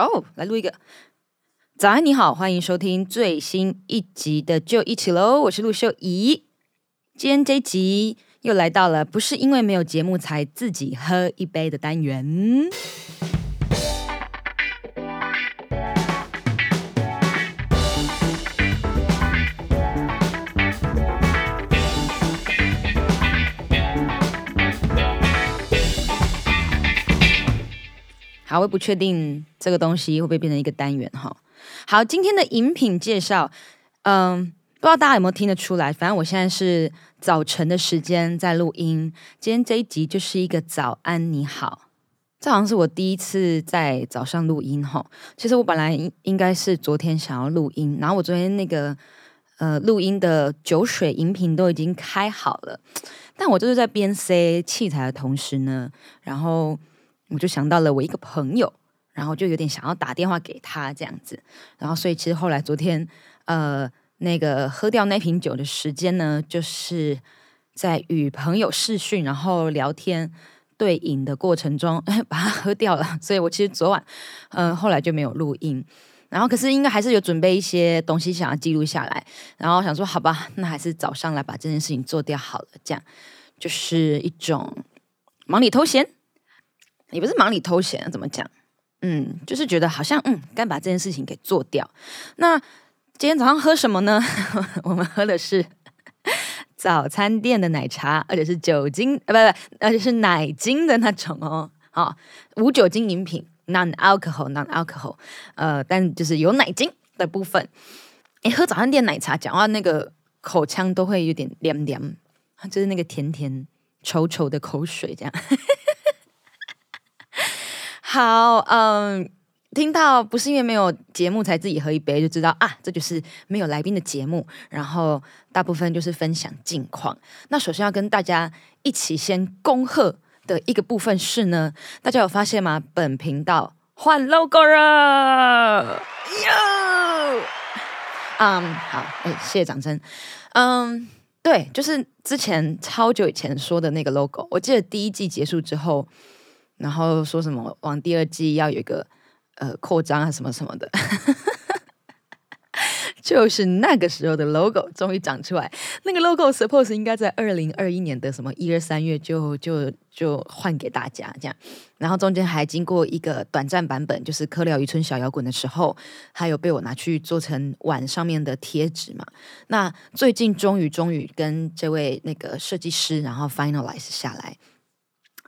哦、oh，來錄一個。早安，你好，歡迎收聽最新一集的《就一起嘍》，我是陸秀怡。今天這一集又來到了不是因為沒有節目才自己喝一杯的單元。 好，我不確定這個東西會不會變成一個單元哈。好，今天的飲品介紹，嗯，不知道大家有沒有聽得出來。反正我現在是早晨的時間在錄音。今天這一集就是一個早安你好，這好像是我第一次在早上錄音哈。其實我本來應該是昨天想要錄音，然後我昨天那個呃錄音的酒水飲品都已經開好了，但我就是在邊 set 器材的同時呢，然後。我就想到了我一個朋友，然後就有點想要打電話給他這樣子，然後所以其實後來昨天，呃，那個喝掉那瓶酒的時間呢，就是在與朋友視訊然後聊天對飲的過程中、哎、把它喝掉了，所以我其實昨晚嗯、呃、後來就沒有錄音，然後可是應該還是有準備一些東西想要記錄下來，然後想說好吧，那還是早上來把這件事情做掉好了，這樣就是一種忙裡偷閒。也不是忙裡偷閒，怎麼講？嗯，就是覺得好像嗯，該把這件事情給做掉。那今天早上喝什麼呢？ 我們喝的是早餐店的奶茶，而且是酒精啊，不不，而且是奶精的那種哦。啊、哦，無酒精飲品 （non-alcohol，non-alcohol），non -alcohol, 呃，但就是有奶精的部分。哎，喝早餐店奶茶，講話那個口腔都會有點涼涼，就是那個甜甜稠稠的口水這樣。 好，嗯，聽到不是因為沒有節目才自己喝一杯，就知道啊，這就是沒有來賓的節目。然後大部分就是分享近況。那首先要跟大家一起先恭賀的一個部分是呢，大家有發現嗎？本頻道換 logo 了喲！嗯、yeah! um，好，哎、欸，謝謝掌聲。嗯、um，對，就是之前超久以前說的那個 logo，我記得第一季結束之後。然後說什麼往第二季要有一個呃擴張啊什麼什麼的。 就是那個時候的 logo 終於長出來。那個 logo suppose 應該在二零二一年的什麼一二三月就就就換給大家這樣。然後中間還經過一個短暫版本，就是科廖漁村小搖滾的時候，還有被我拿去做成碗上面的貼紙嘛。那最近終於終於跟這位那個設計師然後 finalize 下來，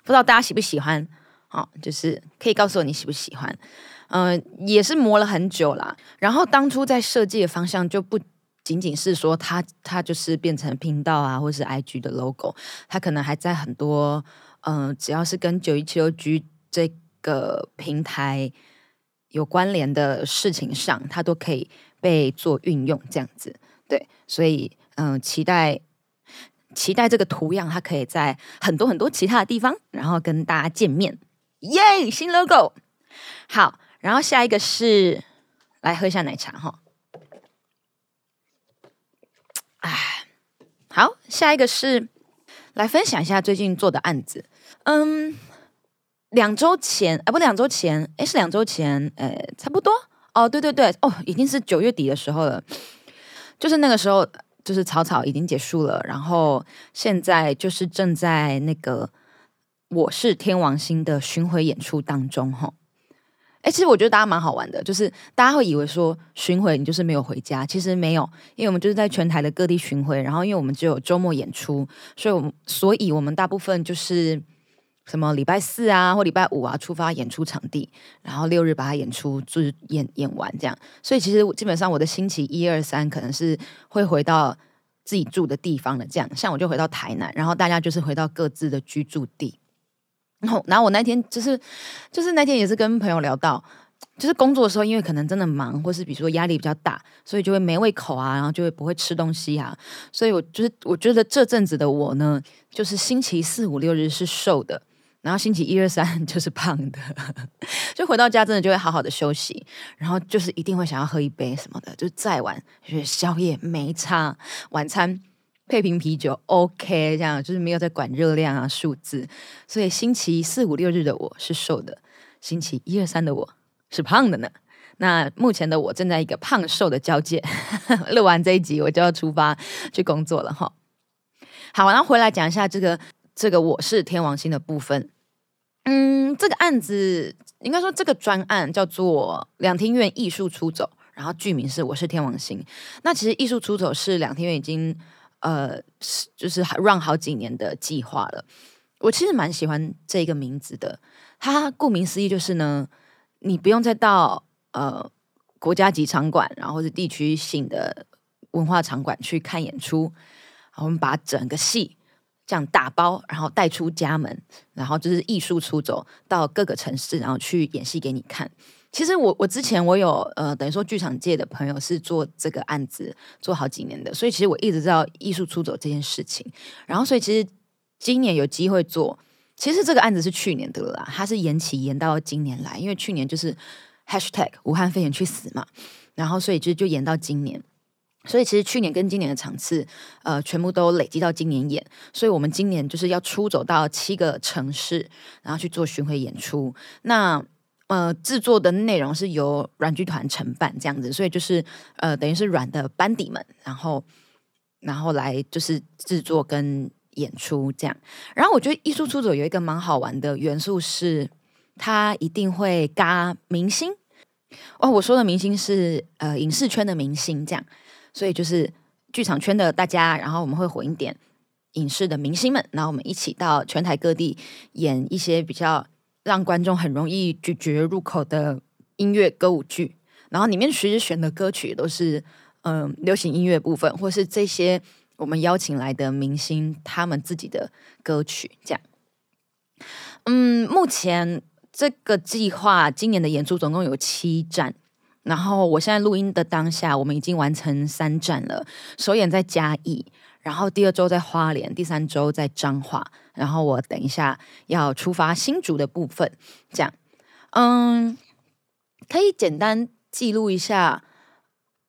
不知道大家喜不喜歡？好，就是可以告訴我你喜不喜歡，嗯、呃，也是磨了很久啦，然後當初在設計的方向就不僅僅是說它，它就是變成頻道啊，或者是 IG 的 logo，它可能還在很多，嗯、呃，只要是跟九一七六 G 這個平台有關聯的事情上，它都可以被做運用這樣子。對，所以嗯、呃，期待期待這個圖樣，它可以在很多很多其他的地方，然後跟大家見面。耶、yeah，新 logo 好，然後下一個是來喝一下奶茶哈。哎，好，下一個是來分享一下最近做的案子。嗯，兩週前啊、呃、不兩週前誒，是兩週前呃，差不多哦，對對對哦，已經是九月底的時候了，就是那個時候就是草草已經結束了，然後現在就是正在那個。我是天王星的巡迴演出當中，哈，哎，其實我覺得大家蠻好玩的，就是大家會以為說巡迴你就是沒有回家，其實沒有，因為我們就是在全台的各地巡迴，然後因為我們只有週末演出，所以我們，所以我們大部分就是什麼禮拜四啊或禮拜五啊出發演出場地，然後六日把它演出就演演完這樣，所以其實我基本上我的星期一二三可能是會回到自己住的地方的，這樣，像我就回到台南，然後大家就是回到各自的居住地。然後我那天就是，就是那天也是跟朋友聊到，就是工作的時候，因為可能真的忙，或是比如說壓力比較大，所以就會沒胃口啊，然後就會不會吃東西啊。所以我就是我覺得這陣子的我呢，就是星期四五六日是瘦的，然後星期一二三就是胖的。 就回到家真的就會好好的休息，然後就是一定會想要喝一杯什麼的，就是再晚，就是宵夜沒差，晚餐。配瓶啤酒，OK，這樣就是沒有在管熱量啊數字，所以星期四五六日的我是瘦的，星期一二三的我是胖的呢。那目前的我正在一個胖瘦的交界。錄 完這一集，我就要出發去工作了哈。好，然後回來講一下這個這個我是天王星的部分。嗯，這個案子應該說這個專案叫做《兩廳院藝術出走》，然後劇名是《我是天王星》。那其實藝術出走是兩廳院已經。呃，就是 run 好幾年的計劃了。我其實蠻喜歡這個名字的。它顧名思義就是呢，你不用再到呃國家級場館，然後或地區性的文化場館去看演出。然後我們把整個戲這樣打包，然後帶出家門，然後就是藝術出走到各個城市，然後去演戲給你看。其實我我之前我有呃，等於說劇場界的朋友是做這個案子做好幾年的，所以其實我一直知道藝術出走這件事情。然後所以其實今年有機會做，其實這個案子是去年的了啦，它是延期延到今年來，因為去年就是 hashtag 武漢肺炎去死嘛，然後所以就就延到今年。所以其實去年跟今年的場次呃，全部都累積到今年演，所以我們今年就是要出走到七個城市，然後去做巡回演出。那呃，製作的內容是由阮劇團承辦這樣子，所以就是呃，等於是阮的班底們，然後然後來就是製作跟演出這樣。然後我覺得《藝術出走》有一個蠻好玩的元素是，他一定會嘎明星哦。我說的明星是呃影視圈的明星這樣，所以就是劇場圈的大家，然後我們會混一點影視的明星們，然後我們一起到全台各地演一些比較。讓觀眾很容易咀嚼入口的音樂歌舞劇，然後裡面其實選的歌曲都是嗯流行音樂部分，或是這些我們邀請來的明星他們自己的歌曲。這樣，嗯，目前這個計劃今年的演出總共有七站，然後我現在錄音的當下，我們已經完成三站了，首演在嘉義。然後第二周在花蓮，第三周在彰化。然後我等一下要出發新竹的部分，這樣，嗯，可以簡單記錄一下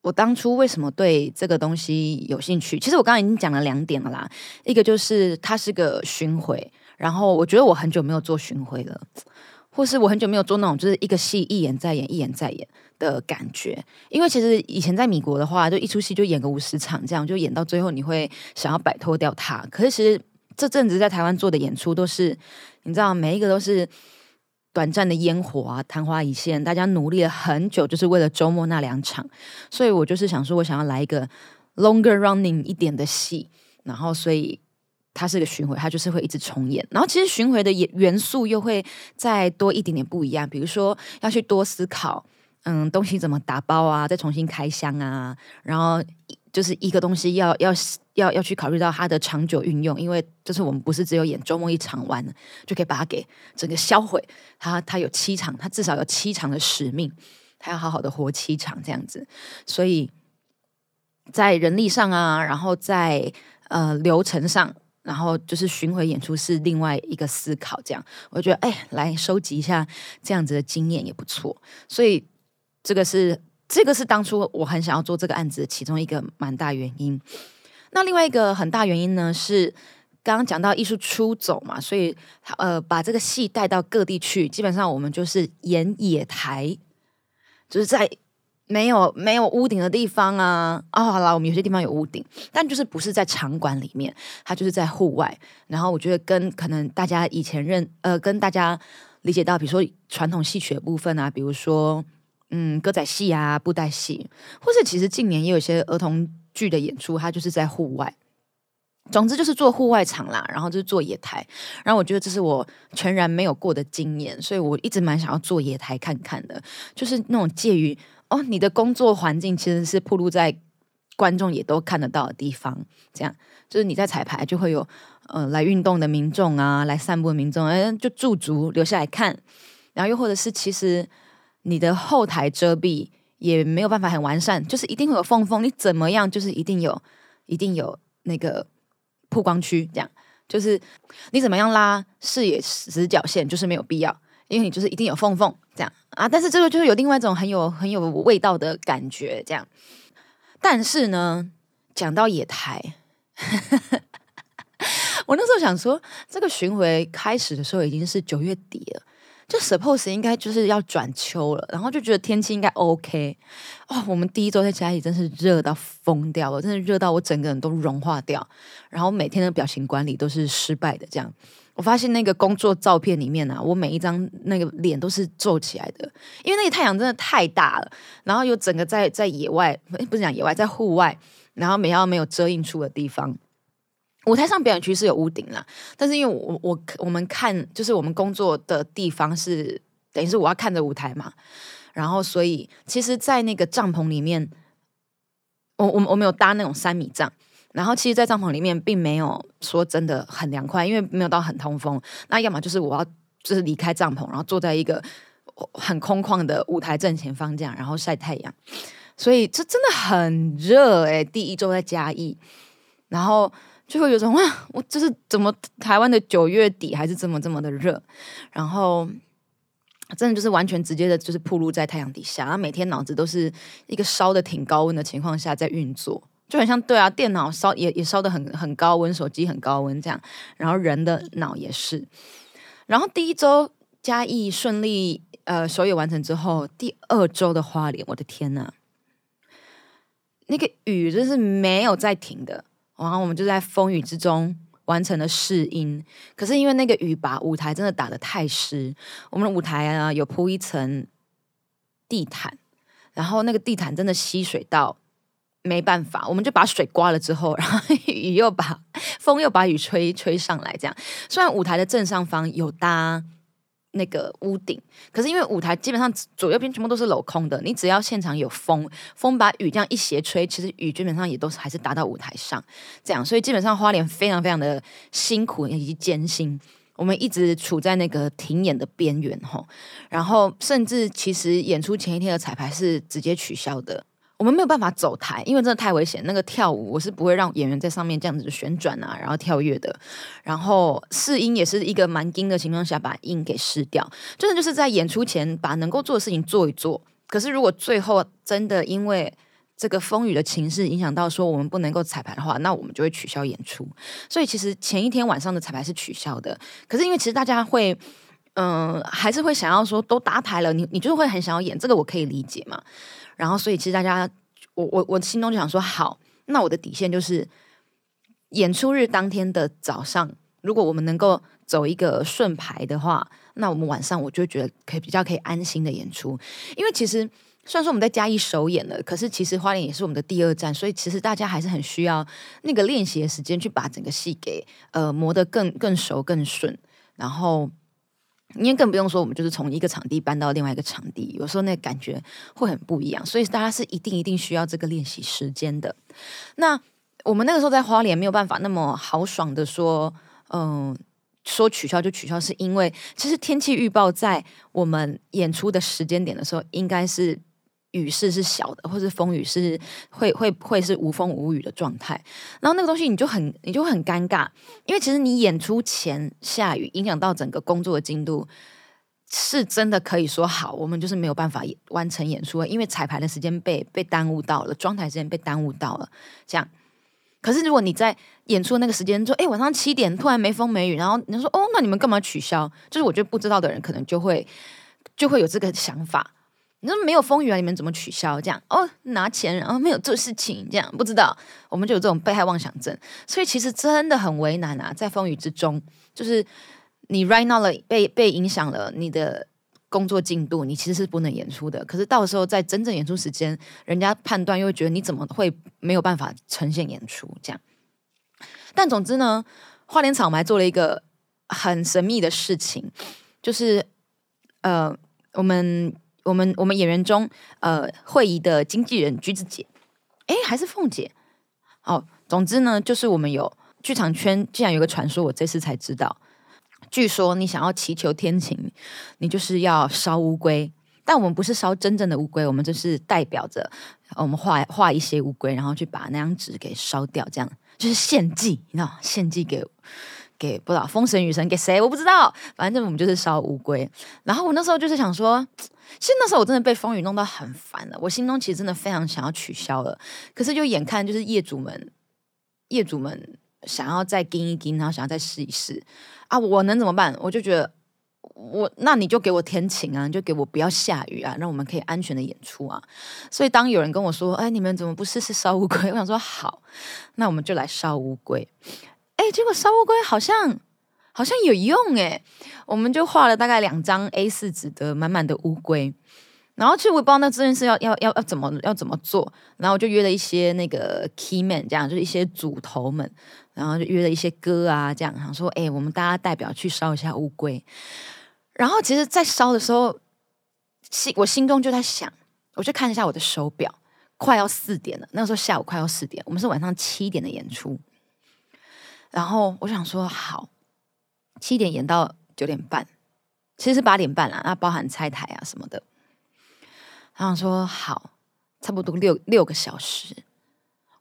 我當初為什麼對這個東西有興趣。其實我剛剛已經講了兩點了啦，一個就是它是個巡回，然後我覺得我很久沒有做巡回了。或是我很久沒有做那種就是一個戲一演再演一演再演的感覺，因為其實以前在美國的話，就一齣戲就演個五十場這樣，就演到最後你會想要擺脫掉它。可是其實這陣子在台灣做的演出都是，你知道每一個都是短暫的煙火啊，曇花一現，大家努力了很久就是為了週末那兩場，所以我就是想說，我想要來一個 longer running 一點的戲，然後所以。它是個巡回，它就是會一直重演。然後其實巡回的元元素又會再多一點點不一樣，比如說要去多思考，嗯，東西怎麼打包啊，再重新開箱啊。然後就是一個東西要要要要去考慮到它的長久運用，因為就是我們不是只有演周末一場完就可以把它給整個銷毀。它它有七場，它至少有七場的使命，它要好好的活七場這樣子。所以在人力上啊，然後在呃流程上。然後就是巡回演出是另外一個思考，這樣我覺得哎，來收集一下這樣子的經驗也不錯，所以這個是這個是當初我很想要做這個案子的其中一個蠻大原因。那另外一個很大原因呢是剛剛講到藝術出走嘛，所以呃把這個戲帶到各地去，基本上我們就是演野台，就是在。沒有沒有屋頂的地方啊！哦，好啦，我們有些地方有屋頂，但就是不是在場館裡面，它就是在戶外。然後我覺得跟可能大家以前認呃，跟大家理解到，比如說傳統戲曲的部分啊，比如說嗯歌仔戲啊、布袋戲，或是其實近年也有一些兒童劇的演出，它就是在戶外。總之就是做戶外場啦，然後就是做野台。然後我覺得這是我全然沒有過的經驗，所以我一直蠻想要做野台看看的，就是那種介於。哦，你的工作環境其實是暴露在觀眾也都看得到的地方，這樣就是你在彩排就會有呃來運動的民眾啊，來散步的民眾，嗯、哎，就駐足留下來看，然後又或者是其實你的後台遮蔽也沒有辦法很完善，就是一定會有縫縫，你怎麼樣就是一定有一定有那個曝光區，這樣就是你怎麼樣拉視野直角線就是沒有必要，因為你就是一定有縫縫這樣。啊！但是這個就是有另外一種很有很有味道的感覺，這樣。但是呢，講到野台， 我那時候想說，這個巡迴開始的時候已經是九月底了，就 suppose 應該就是要轉秋了，然後就覺得天氣應該 OK。哦，我們第一周在家裡真是熱到瘋掉了，真的熱到我整個人都融化掉，然後每天的表情管理都是失敗的，這樣。我發現那個工作照片裡面啊，我每一張那個臉都是皺起來的，因為那個太陽真的太大了。然後又整個在在野外，不是講野外，在戶外，然後每到沒有遮蔭處的地方，舞台上表演區是有屋頂啦，但是因為我我我們看就是我們工作的地方是等於是我要看着舞台嘛，然後所以其實，在那個帳篷裡面，我我我沒有搭那種三米帳。然後其實，在帳篷裡面並沒有說真的很涼快，因為沒有到很通風。那要麼就是我要就是離開帳篷，然後坐在一個很空曠的舞台正前方這樣，然後曬太陽。所以這真的很熱誒、欸、第一周在嘉義，然後就會有種哇，我就是怎麼台灣的九月底還是這麼這麼的熱？然後真的就是完全直接的就是曝露在太陽底下，然後每天腦子都是一個燒的挺高溫的情況下在運作。就很像對啊，電腦燒也也燒得很很高溫，手機很高溫這樣，然後人的腦也是。然後第一周嘉義順利呃首演完成之後，第二周的花蓮，我的天吶，那個雨真是沒有再停的，然後我們就在風雨之中完成了試音。可是因為那個雨把舞台真的打得太濕，我們的舞台啊有鋪一層地毯，然後那個地毯真的吸水到。沒辦法，我們就把水刮了之後，然後雨又把風又把雨吹吹上來，這樣。雖然舞台的正上方有搭那個屋頂，可是因為舞台基本上左右邊全部都是鏤空的，你只要現場有風，風把雨這樣一斜吹，其實雨基本上也都是還是打到舞台上這樣。所以基本上花蓮非常非常的辛苦以及艱辛，我們一直處在那個停演的邊緣齁。然後甚至其實演出前一天的彩排是直接取消的。我們沒有辦法走台，因為真的太危險。那個跳舞，我是不會讓演員在上面這樣子旋轉啊，然後跳躍的。然後試音也是一個蠻驚的情況下，把音給試掉。真的就是在演出前把能夠做的事情做一做。可是如果最後真的因為這個風雨的情勢影響到說我們不能夠彩排的話，那我們就會取消演出。所以其實前一天晚上的彩排是取消的。可是因為其實大家會，嗯、呃，還是會想要說都搭台了，你你就會很想要演這個，我可以理解嘛。然後，所以其實大家，我我我心中就想說，好，那我的底線就是，演出日當天的早上，如果我們能夠走一個順排的話，那我們晚上我就覺得可以比較可以安心的演出。因為其實雖然說我們在嘉義首演了，可是其實花蓮也是我們的第二站，所以其實大家還是很需要那個練習的時間去把整個戲給呃磨得更更熟更順，然後。你也更不用說，我們就是從一個場地搬到另外一個場地，有時候那感覺會很不一樣，所以大家是一定一定需要這個練習時間的。那我們那個時候在花蓮沒有辦法那麼豪爽的說，嗯，說取消就取消，是因為其實天氣預報在我們演出的時間點的時候應該是。雨勢是小的，或是風雨是會會會是無風無雨的狀態，然後那個東西你就很你就很尷尬，因為其實你演出前下雨，影響到整個工作的進度，是真的可以說，好，我們就是沒有辦法完成演出了，因為彩排的時間被被耽誤到了，裝台時間被耽誤到了，這樣。可是如果你在演出那個時間說，哎，晚上七點突然沒風沒雨，然後你說哦，那你們幹嘛取消？就是我覺得不知道的人可能就會就會有這個想法。你沒有風雨啊？你們怎麼取消這樣？哦，拿錢然後沒有做事情這樣？不知道，我們就有這種被害妄想症，所以其實真的很為難啊。在風雨之中，就是你 right now 了，被被影響了你的工作進度，你其實是不能演出的。可是到時候在真正演出時間，人家判斷又會覺得你怎麼會沒有辦法呈現演出這樣？但總之呢，花蓮場我們還做了一個很神秘的事情，就是呃，我們。我們我們演員中，呃，惠儀的經紀人橘子姐，誒還是鳳姐，哦，總之呢，就是我們有劇場圈竟然有個傳說，我這次才知道。據說你想要祈求天晴，你就是要燒烏龜，但我們不是燒真正的烏龜，我們就是代表着，我們畫畫一些烏龜，然後去把那張紙給燒掉，這樣就是獻祭，你知道，獻祭給。給不知道風神雨神，給誰我不知道，反正我們就是燒烏龜。然後我那時候就是想說，其實那時候我真的被風雨弄到很煩了，我心中其實真的非常想要取消了。可是就眼看就是業主們，業主們想要再盯一盯，然後想要再試一試啊，我能怎麼辦？我就覺得我那你就給我天晴啊，你就給我不要下雨啊，讓我們可以安全的演出啊。所以當有人跟我說，哎，你們怎麼不試試燒烏龜？我想說好，那我們就來燒烏龜。結果燒烏龜好像好像有用誒、欸，我們就畫了大概兩張 A 四紙的滿滿的烏龜，然後其實我不知道那這件事要要要要怎麼要怎麼做，然後我就約了一些那個 key man 這樣，就是一些組頭們，然後就約了一些哥啊這樣，想說誒、欸，我們大家代表去燒一下烏龜。然後其實，在燒的時候，心我心中就在想，我就看一下我的手表，快要四點了，那個時候下午快要四點，我們是晚上七點的演出。然後我想說好，七點演到九點半，其實是八點半啦，那包含拆台啊什麼的。我想說好，差不多六六個小時，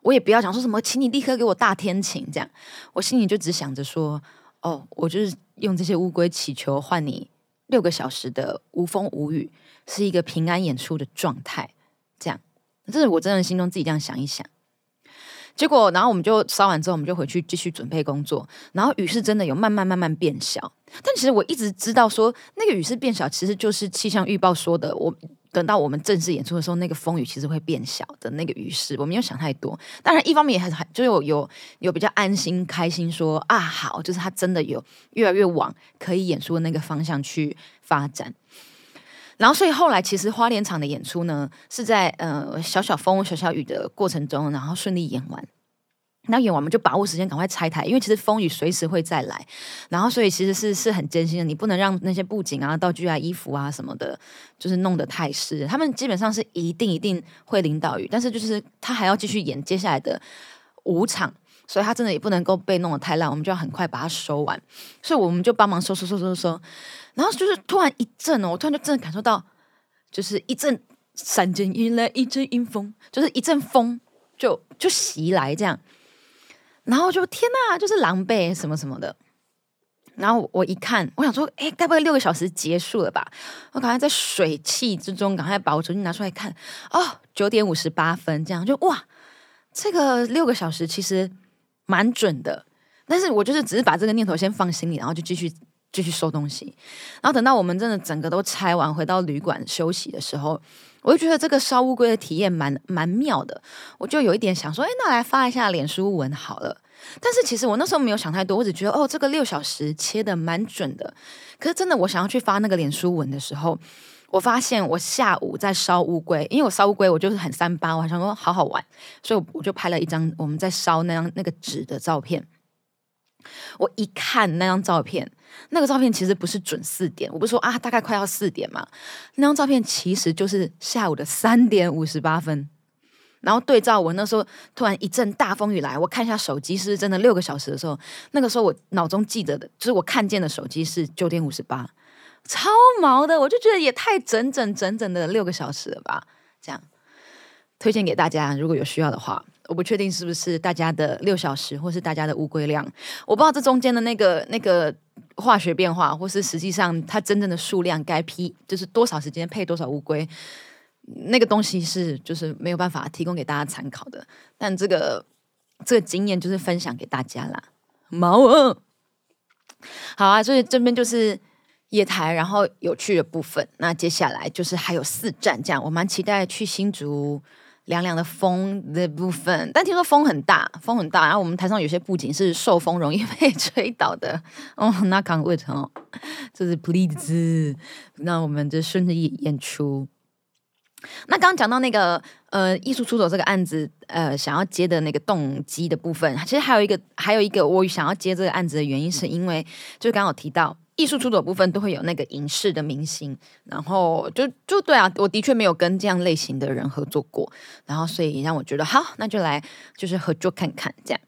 我也不要想說什麼，請你立刻給我大天晴這樣。我心裡就只想着說，哦，我就是用這些烏龜祈求換你六個小時的無風無雨，是一個平安演出的狀態。這樣，這是我真的心中自己這樣想一想。結果，然後我們就燒完之後，我們就回去繼續準備工作。然後雨勢真的有慢慢慢慢變小，但其實我一直知道說，那個雨勢變小，其實就是氣象預報說的。我等到我們正式演出的時候，那個風雨其實會變小的那個雨勢，我沒有想太多。當然，一方面也還還就有有有比較安心開心說啊，好，就是它真的有越來越往可以演出的那個方向去發展。然後，所以後來其實花蓮場的演出呢，是在呃小小風、小小雨的過程中，然後順利演完。那演完我們就把握時間，趕快拆台，因為其實風雨隨時會再來，然後，所以其實是是很艱辛的，你不能讓那些布景啊、道具啊、衣服啊什麼的，就是弄得太濕。他們基本上是一定一定會淋到雨，但是就是他還要繼續演接下來的五場，所以他真的也不能夠被弄得太爛。我們就要很快把它收完，所以我們就幫忙收收收收收、收。然後就是突然一陣哦，我突然就真的感受到，就是一陣閃電一來，一陣陰風，就是一陣風就就襲來這樣。然後就天吶，就是狼狽什麼什麼的。然後我一看，我想說，哎，該不會六個小時結束了吧？我趕快在水汽之中趕快把我手機拿出來看，哦，九點五十八分這樣，就哇，這個六個小時其實蠻準的。但是我就是只是把這個念頭先放心裡，然後就繼續。繼續收東西，然後等到我們真的整個都拆完，回到旅館休息的時候，我就覺得這個燒烏龜的體驗蠻蠻妙的，我就有一點想說，哎、欸，那來發一下臉書文好了。但是其實我那時候沒有想太多，我只覺得哦，這個六小時切的蠻準的。可是真的，我想要去發那個臉書文的時候，我發現我下午在燒烏龜，因為我燒烏龜，我就是很三八，我還想說好好玩，所以我就拍了一張我們在燒那張那個紙的照片。我一看那張照片，那個照片其實不是準四點，我不是說啊，大概快要四點嘛。那張照片其實就是下午的三點五十八分。然後對照我那時候，突然一陣大風雨來，我看一下手機是不是真的六個小時的時候，那個時候我腦中記得的就是我看見的手機是九點五十八，超毛的，我就覺得也太整整整整的六個小時了吧？這樣推薦給大家，如果有需要的話。我不確定是不是大家的六小時，或是大家的烏龜量，我不知道這中間的那個那個化學變化，或是實際上它真正的數量該批，就是多少時間配多少烏龜，那個東西是就是沒有辦法提供給大家參考的。但這個這個經驗就是分享給大家啦，毛啊，好啊，所以這邊就是野台，然後有趣的部分。那接下來就是還有四站，這樣我蠻期待去新竹。涼涼的風的部分，但聽說風很大，風很大。然、啊、後我們台上有些布景是受風容易被吹倒的，哦，那剛會哦，這是 please。那我們就順着演演出。那剛剛講到那個呃藝術出走這個案子，呃想要接的那個動機的部分，其實還有一個還有一個我想要接這個案子的原因，是因為就剛好有提到。藝術出走部分都會有那個影視的明星，然後就就對啊，我的確沒有跟這樣類型的人合作過，然後所以讓我覺得好，那就來就是合作看看這樣。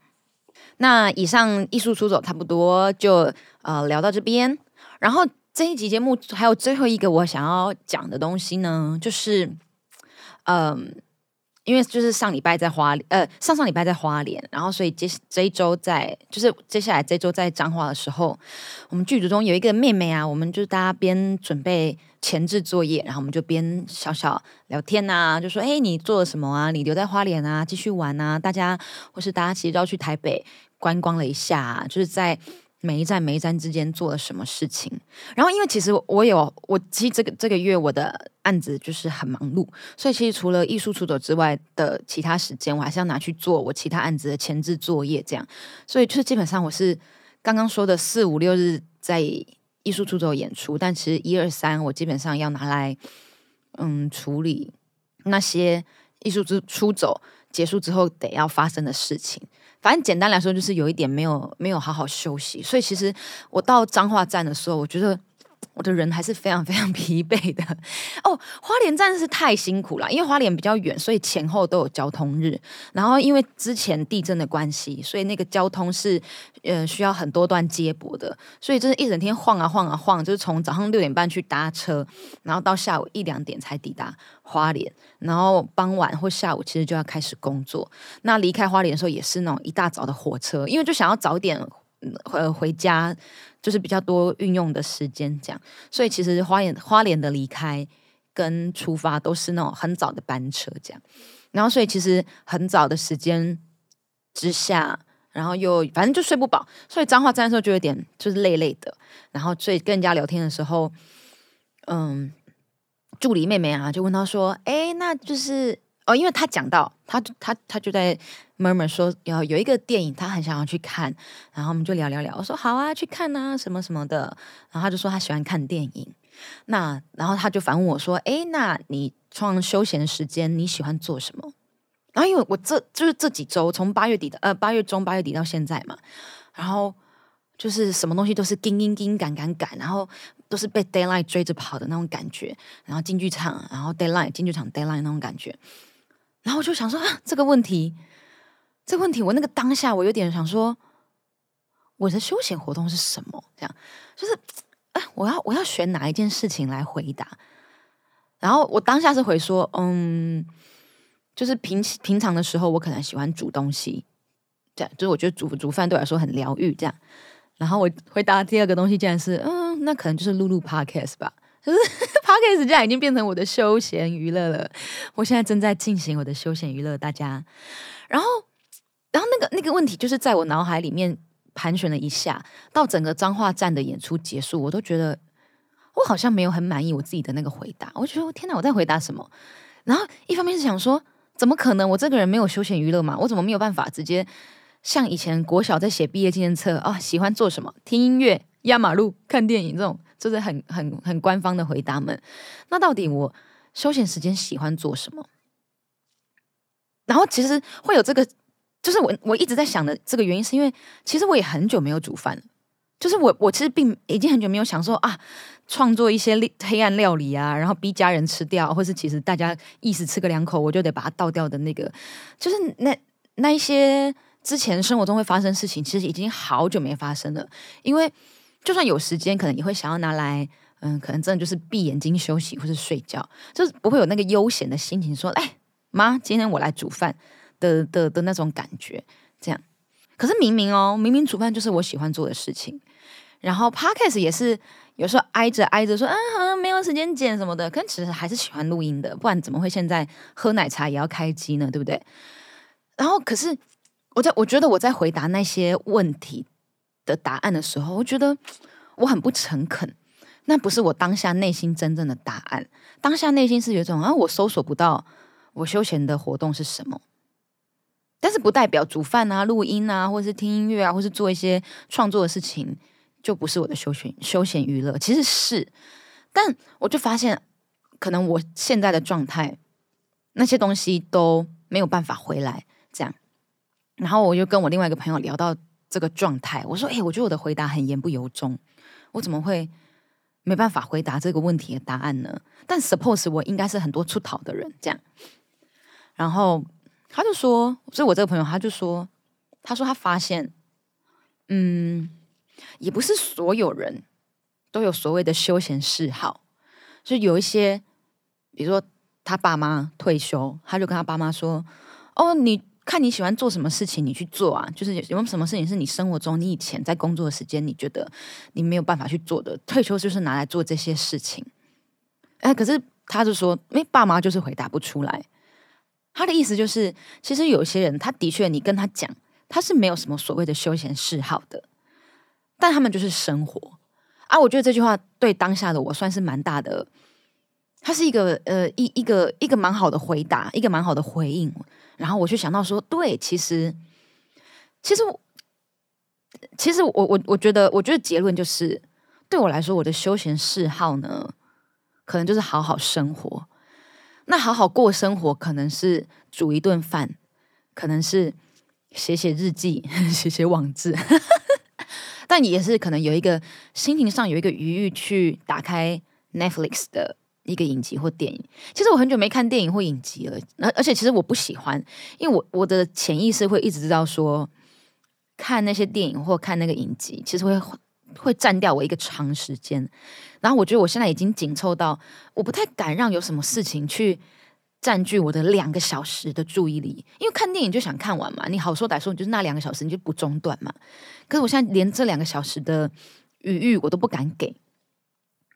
那以上藝術出走差不多就呃聊到這邊，然後這一集節目還有最後一個我想要講的東西呢，就是嗯。呃因為就是上禮拜在花呃上上禮拜在花蓮，然後所以接這一周在就是接下來這周在彰化的時候，我們劇組中有一個妹妹啊，我們就大家邊準備前置作業，然後我們就邊小小聊天吶、啊，就說哎你做了什麼啊？你留在花蓮啊繼續玩啊？大家或是大家其實都要去台北觀光了一下、啊，就是在。每一站每一站之間做了什麼事情？然後，因為其實我有我，其實這個這個月我的案子就是很忙碌，所以其實除了藝術出走之外的其他時間，我還是要拿去做我其他案子的前置作業。這樣，所以就是基本上我是剛剛說的四五六日，在藝術出走演出，但其實一二三我基本上要拿來嗯處理那些藝術之出走結束之後得要發生的事情。反正簡單來說，就是有一點沒有沒有好好休息，所以其實我到彰化站的時候，我覺得。我的人還是非常非常疲憊的哦。Oh, 花蓮真是太辛苦了，因為花蓮比較遠，所以前後都有交通日。然後因為之前地震的關係，所以那個交通是呃需要很多段接駁的，所以就是一整天晃啊晃啊晃，就是從早上六點半去搭車，然後到下午一兩點才抵達花蓮。然後傍晚或下午其實就要開始工作。那離開花蓮的時候也是那種一大早的火車，因為就想要早點。呃，回家就是比較多運用的時間，這樣。所以其實花蓮花蓮的離開跟出發都是那種很早的班車，這樣。然後，所以其實很早的時間之下，然後又反正就睡不飽，所以彰化站的時候就有點就是累累的。然後，所以跟人家聊天的時候，嗯，助理妹妹啊就問他說：“誒、欸，那就是。”哦，因為他講到，他他他就在 murmur 說，有一個電影他很想要去看，然後我們就聊聊聊，我說好啊，去看啊，什麼什麼的，然後他就說他喜歡看電影，那然後他就反問我說，誒，那你創休閒的時間，你喜歡做什麼？然後因為我這就是這幾周，從八月底的，呃，八月中，八月底到現在嘛，然後就是什麼東西都是叮叮叮，叮趕趕趕、趕、趕，然後都是被 deadline 追着跑的那種感覺，然後進劇場，然後 deadline 進劇場 deadline 那種感覺。然後我就想說啊，這個問題，這個問題，我那個當下我有點想說，我的休閒活動是什麼？這樣，就是，哎、呃，我要我要選哪一件事情來回答？然後我當下是回說，嗯，就是平平常的時候，我可能喜歡煮東西，這樣，就是我覺得煮煮飯對我來說很療癒，這樣。然後我回答第二個東西，竟然是，嗯，那可能就是錄錄 podcast 吧。可 是 Podcast 已經變成我的休閒娛樂了。我現在正在進行我的休閒娛樂，大家。然後，然後那個那個問題就是在我腦海裡面盤旋了一下，到整個彰化站的演出結束，我都覺得我好像沒有很滿意我自己的那個回答。我覺得，我天哪，我在回答什麼？然後一方面是想說，怎麼可能我這個人沒有休閒娛樂嘛？我怎麼沒有辦法直接像以前國小在寫畢業紀念冊啊，喜歡做什麼，聽音樂。壓馬路、看電影，這種就是很很很官方的回答們。那到底我休閒時間喜歡做什麼？然後其實會有這個，就是我我一直在想的這個原因，是因為其實我也很久沒有煮飯了。就是我我其實並已經很久沒有想說啊，創作一些黑暗料理啊，然後逼家人吃掉，或是其實大家意思吃個兩口，我就得把它倒掉的那個，就是那那一些之前生活中會發生事情，其實已經好久沒發生了，因為。就算有時間，可能也會想要拿來，嗯，可能真的就是閉眼睛休息或者睡覺，就是不會有那個悠閒的心情，說，哎、欸、媽，今天我來煮飯的的的,的那種感覺，這樣。可是明明哦，明明煮飯就是我喜歡做的事情，然後 podcast 也是有時候挨着挨着說，嗯，好像沒有時間剪什麼的，可是其實還是喜歡錄音的，不然怎麼會現在喝奶茶也要開機呢？對不對？然後可是我在，我覺得我在回答那些問題。的答案的時候，我覺得我很不誠懇，那不是我當下內心真正的答案。當下內心是有一種啊，我搜索不到我休閒的活動是什麼，但是不代表煮飯啊、錄音啊，或是聽音樂啊，或是做一些創作的事情，就不是我的休閒休閒娛樂。其實是，但我就發現，可能我現在的狀態，那些東西都沒有辦法回來。這樣，然後我就跟我另外一個朋友聊到。這個狀態，我說，哎、欸，我覺得我的回答很言不由衷，我怎麼會沒辦法回答這個問題的答案呢？但 suppose 我應該是很多出逃的人，這樣。然後他就說，所以我這個朋友他就說，他說他發現，嗯，也不是所有人都有所謂的休閒嗜好，就有一些，比如說他爸媽退休，他就跟他爸媽說，哦，你。看你喜歡做什麼事情，你去做啊！就是有什麼事情是你生活中你以前在工作的時間，你覺得你沒有辦法去做的，退休就是拿來做這些事情。哎、欸，可是他就說，因為，欸，爸媽就是回答不出來。他的意思就是，其實有些人，他的確你跟他講，他是沒有什麼所謂的休閒嗜好的，但他們就是生活。啊，我覺得這句話對當下的我算是蠻大的。他是一個呃一一,一,一個一個蠻好的回答，一個蠻好的回應。然後我就想到說，對，其實，其實，其實我我我覺得，我覺得結論就是，對我來說，我的休閒嗜好呢，可能就是好好生活。那好好過生活，可能是煮一頓飯，可能是寫寫日記，寫寫網誌， 但你也是可能有一個心情上有一個餘裕，去打開 Netflix 的。一個影集或電影，其實我很久沒看電影或影集了，而而且其實我不喜歡，因為我我的潛意識會一直知道說，看那些電影或看那個影集，其實會會佔掉我一個長時間。然後我覺得我現在已經緊湊到，我不太敢讓有什麼事情去佔據我的兩個小時的注意力，因為看電影就想看完嘛，你好說歹說你就是那兩個小時你就不中斷嘛。可是我現在連這兩個小時的餘裕我都不敢給。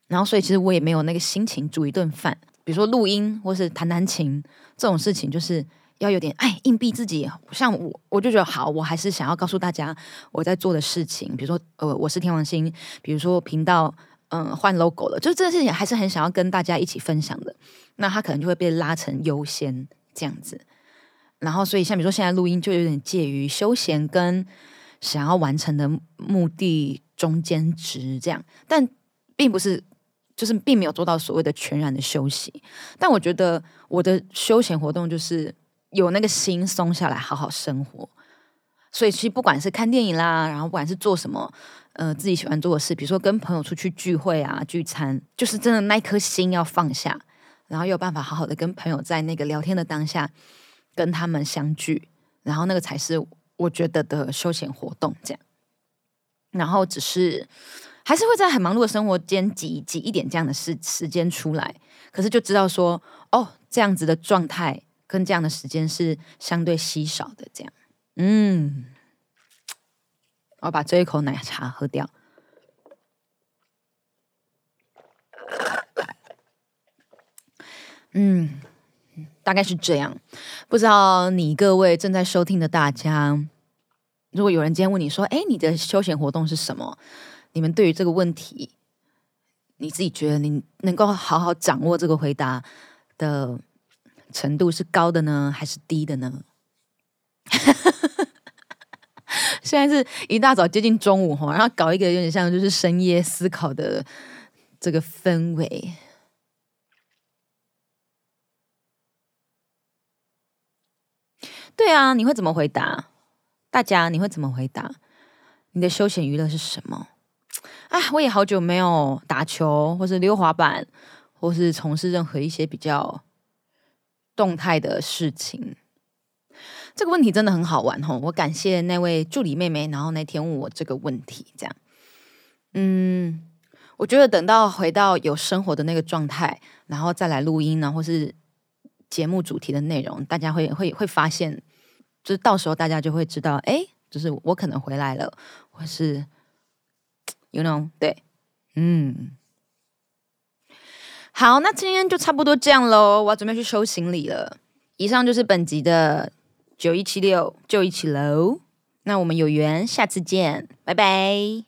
然後，所以其實我也沒有那個心情煮一頓飯，比如說錄音或是彈彈琴這種事情，就是要有點，哎，硬逼自己。像我，我就覺得好，我還是想要告訴大家我在做的事情，比如說呃，我是天王星，比如說頻道嗯、呃、換 logo 了，就這件事情還是很想要跟大家一起分享的。那他可能就會被拉成優先這樣子。然後，所以像比如說現在錄音，就有點介於休閒跟想要完成的目的中間值這樣，但並不是。就是並沒有做到所謂的全然的休息，但我覺得我的休閒活動就是有那個心鬆下來，好好生活。所以其實不管是看電影啦，然後不管是做什麼，呃，自己喜歡做的事，比如說跟朋友出去聚會啊、聚餐，就是真的那顆心要放下，然後又有辦法好好的跟朋友在那個聊天的當下跟他們相聚，然後那個才是我覺得的休閒活動這樣。然後只是。還是會在很忙碌的生活間擠擠一點這樣的時時間出來，可是就知道說哦，這樣子的狀態跟這樣的時間是相對稀少的。這樣，嗯，我把這一口奶茶喝掉。嗯，大概是這樣。不知道你各位正在收聽的大家，如果有人今天問你說：“哎，你的休閒活動是什麼？”你們對於這個問題，你自己覺得你能夠好好掌握這個回答的程度是高的呢，還是低的呢？ 現在是一大早接近中午哈，然後搞一個有點像就是深夜思考的這個氛圍。對啊，你會怎麼回答？大家，你會怎麼回答？你的休閒娛樂是什麼？啊，我也好久沒有打球，或是溜滑板，或是從事任何一些比較動態的事情。這個問題真的很好玩哦！我感謝那位助理妹妹，然後那天問我這個問題，這樣。嗯，我覺得等到回到有生活的那個狀態，然後再來錄音呢，或是節目主題的內容，大家會會會發現，就是到時候大家就會知道，哎，就是我可能回來了，或是。You know，對，嗯，好，那今天就差不多這樣嘍，我要準備去收行李了。以上就是本集的九一七六就一起嘍，那我們有緣下次見，拜拜。